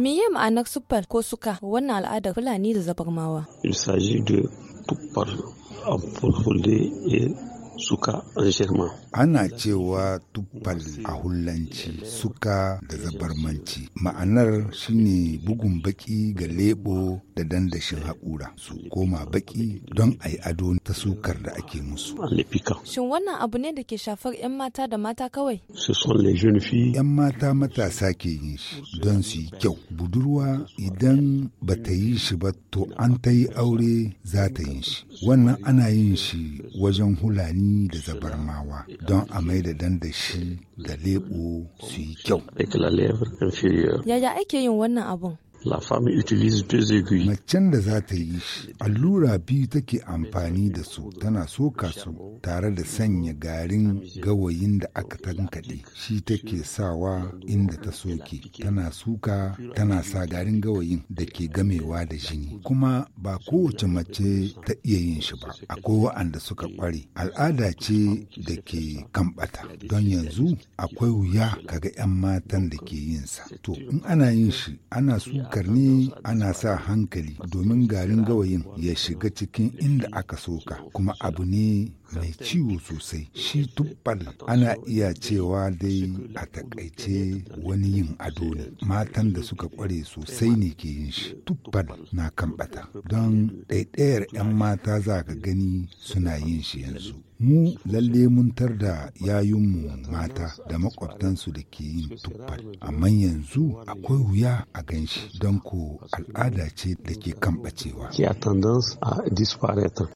Me ya ma'anar siffar ko suka wannan al'adar Fulani da zabarmawa? Il da de a par suka rishirma. Ana cewa tuffal a hullanci suka da zabarmanci. Ma'anar shine bugun baki ga lebo da dandashin haƙura su koma baki don a yi ado ta sukar da ake musu. Shin wannan abu ne da ke shafar 'yan mata da mata kawai? 'Yan mata matasa ke yin shi don su yi kyau. Budurwa idan ba ta yi shi ba to an ta yi aure za ta yin shi. Wannan ana yin shi wajen hulani da zabarmawa don a mai da shi da lebo su yi kyau. Yaya ake yin wannan abun? La femme utilise deux aiguilles. Macen da za ta yi shi, allura biyu take amfani da su tana soka su tare da sanya garin gawayin da aka tankaɗe. Shi take sawa inda ta soke, tana suka tana sa garin gawayin da ke gamewa da jini. Kuma ba kowace mace ta iya yin shi ba, akwai wa'anda suka ƙware. Al'ada ce da ke kanɓata don yanzu akwai wuya kaga 'yan matan da ke yin sa. To, in ana yin shi, ana su. karni ana sa hankali domin garin gawayin ya shiga cikin inda aka soka kuma abu ne mai ciwo sosai shi tubbal ana iya cewa dai a takaice wani yin ado ne matan da suka kware sosai ne ke yin shi tubbal na kambata don ɗaiɗayar 'yan mata za ka gani suna yin shi yanzu mu lalle mun da yayunmu mata da maƙwabtansu da ke yin tuffar amma yanzu akwai wuya a ganshi don ko al'ada ce da ke kan bacewa. Ki a tendance a disparaître.